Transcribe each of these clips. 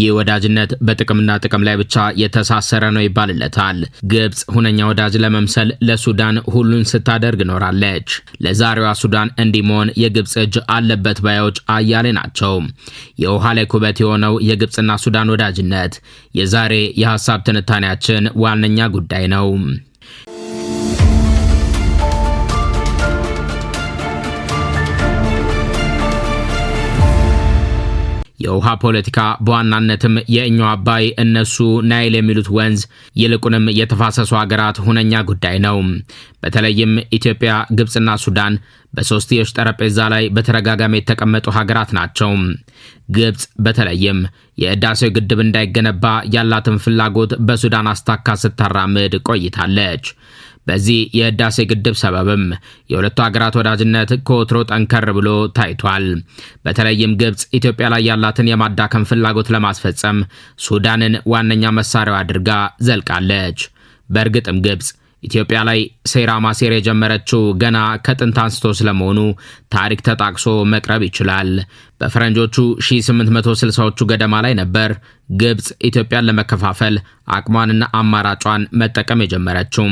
ይህ ወዳጅነት በጥቅምና ጥቅም ላይ ብቻ የተሳሰረ ነው ይባልለታል። ግብፅ ሁነኛ ወዳጅ ለመምሰል ለሱዳን ሁሉን ስታደርግ ኖራለች። ለዛሬዋ ሱዳን እንዲህ መሆን የግብፅ እጅ አለበት ባዮች አያሌ ናቸው። የውሃ ላይ ኩበት የሆነው የግብፅና ሱዳን ወዳጅነት የዛሬ የሀሳብ ትንታኔያችን ዋነኛ ጉዳይ ነው። የውሃ ፖለቲካ በዋናነትም የእኛው አባይ እነሱ ናይል የሚሉት ወንዝ ይልቁንም የተፋሰሱ ሀገራት ሁነኛ ጉዳይ ነው። በተለይም ኢትዮጵያ፣ ግብፅና ሱዳን በሶስትዮሽ ጠረጴዛ ላይ በተደጋጋሚ የተቀመጡ ሀገራት ናቸው። ግብፅ በተለይም የህዳሴው ግድብ እንዳይገነባ ያላትን ፍላጎት በሱዳን አስታካ ስታራምድ ቆይታለች። በዚህ የህዳሴ ግድብ ሰበብም የሁለቱ ሀገራት ወዳጅነት ከወትሮ ጠንከር ብሎ ታይቷል። በተለይም ግብፅ ኢትዮጵያ ላይ ያላትን የማዳከም ፍላጎት ለማስፈጸም ሱዳንን ዋነኛ መሳሪያው አድርጋ ዘልቃለች። በእርግጥም ግብፅ ኢትዮጵያ ላይ ሴራ ማሴር የጀመረችው ገና ከጥንት አንስቶ ስለመሆኑ ታሪክ ተጣቅሶ መቅረብ ይችላል። በፈረንጆቹ 1860ዎቹ ገደማ ላይ ነበር ግብፅ ኢትዮጵያን ለመከፋፈል አቅሟንና አማራጯን መጠቀም የጀመረችው።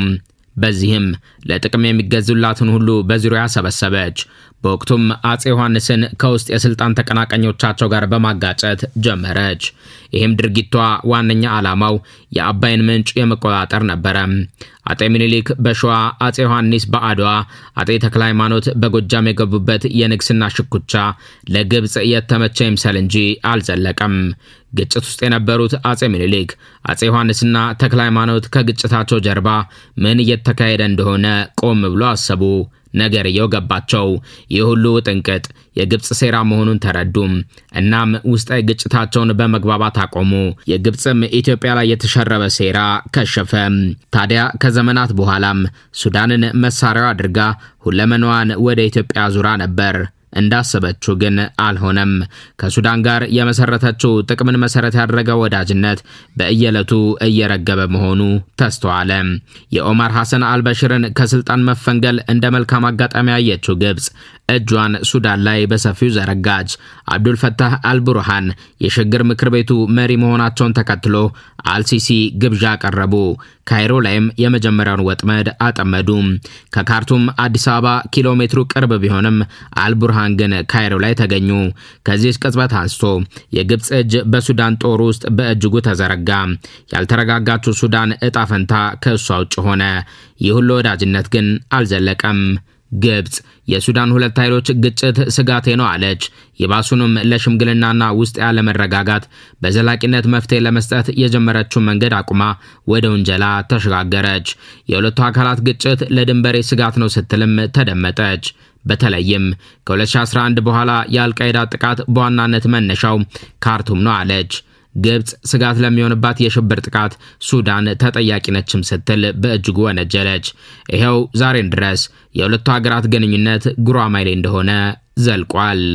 በዚህም ለጥቅም የሚገዙላትን ሁሉ በዙሪያ ሰበሰበች። በወቅቱም አጼ ዮሐንስን ከውስጥ የስልጣን ተቀናቃኞቻቸው ጋር በማጋጨት ጀመረች። ይህም ድርጊቷ ዋነኛ ዓላማው የአባይን ምንጭ የመቆጣጠር ነበረ። አጤ ምኒልክ በሸዋ አጼ ዮሐንስ በአድዋ አጤ ተክለ ሃይማኖት በጎጃም የገቡበት የንግስና ሽኩቻ ለግብፅ የተመቸ ይምሰል እንጂ አልዘለቀም። ግጭት ውስጥ የነበሩት አጼ ምኒልክ፣ አጼ ዮሐንስና ተክለ ሃይማኖት ከግጭታቸው ጀርባ ምን እየተካሄደ እንደሆነ ቆም ብሎ አሰቡ። ነገርየው ገባቸው። ይህ ሁሉ ጥንቅጥ የግብፅ ሴራ መሆኑን ተረዱም። እናም ውስጣዊ ግጭታቸውን በመግባባት አቆሙ። የግብፅም ኢትዮጵያ ላይ የተሸረበ ሴራ ከሸፈ። ታዲያ ከዘመናት በኋላም ሱዳንን መሳሪያው አድርጋ ሁለመናዋን ወደ ኢትዮጵያ ዙራ ነበር። እንዳሰበችው ግን አልሆነም። ከሱዳን ጋር የመሰረተችው ጥቅምን መሰረት ያደረገ ወዳጅነት በእየለቱ እየረገበ መሆኑ ተስተዋለ። የኦማር ሐሰን አልበሽርን ከስልጣን መፈንገል እንደ መልካም አጋጣሚ ያየችው ግብፅ እጇን ሱዳን ላይ በሰፊው ዘረጋች። አብዱልፈታህ አልቡርሃን የሽግግር ምክር ቤቱ መሪ መሆናቸውን ተከትሎ አልሲሲ ግብዣ አቀረቡ። ካይሮ ላይም የመጀመሪያውን ወጥመድ አጠመዱ። ከካርቱም አዲስ አበባ ኪሎ ሜትሩ ቅርብ ቢሆንም አልቡርሃን ሱልጣን ግን ካይሮ ላይ ተገኙ። ከዚህ ቅጽበት አንስቶ የግብፅ እጅ በሱዳን ጦር ውስጥ በእጅጉ ተዘረጋ። ያልተረጋጋችው ሱዳን እጣ ፈንታ ከእሷ ውጭ ሆነ። ይህ ሁሉ ወዳጅነት ግን አልዘለቀም። ግብፅ የሱዳን ሁለት ኃይሎች ግጭት ስጋቴ ነው አለች። ይባሱንም ለሽምግልናና ውስጥ ያለ መረጋጋት በዘላቂነት መፍትሄ ለመስጠት የጀመረችውን መንገድ አቁማ ወደ ውንጀላ ተሸጋገረች። የሁለቱ አካላት ግጭት ለድንበሬ ስጋት ነው ስትልም ተደመጠች። በተለይም ከ2011 በኋላ የአልቃይዳ ጥቃት በዋናነት መነሻው ካርቱም ነው አለች። ግብፅ ስጋት ለሚሆንባት የሽብር ጥቃት ሱዳን ተጠያቂ ነችም ስትል በእጅጉ ወነጀለች። ይኸው ዛሬን ድረስ የሁለቱ ሀገራት ግንኙነት ጉራማይሌ እንደሆነ ዘልቋል።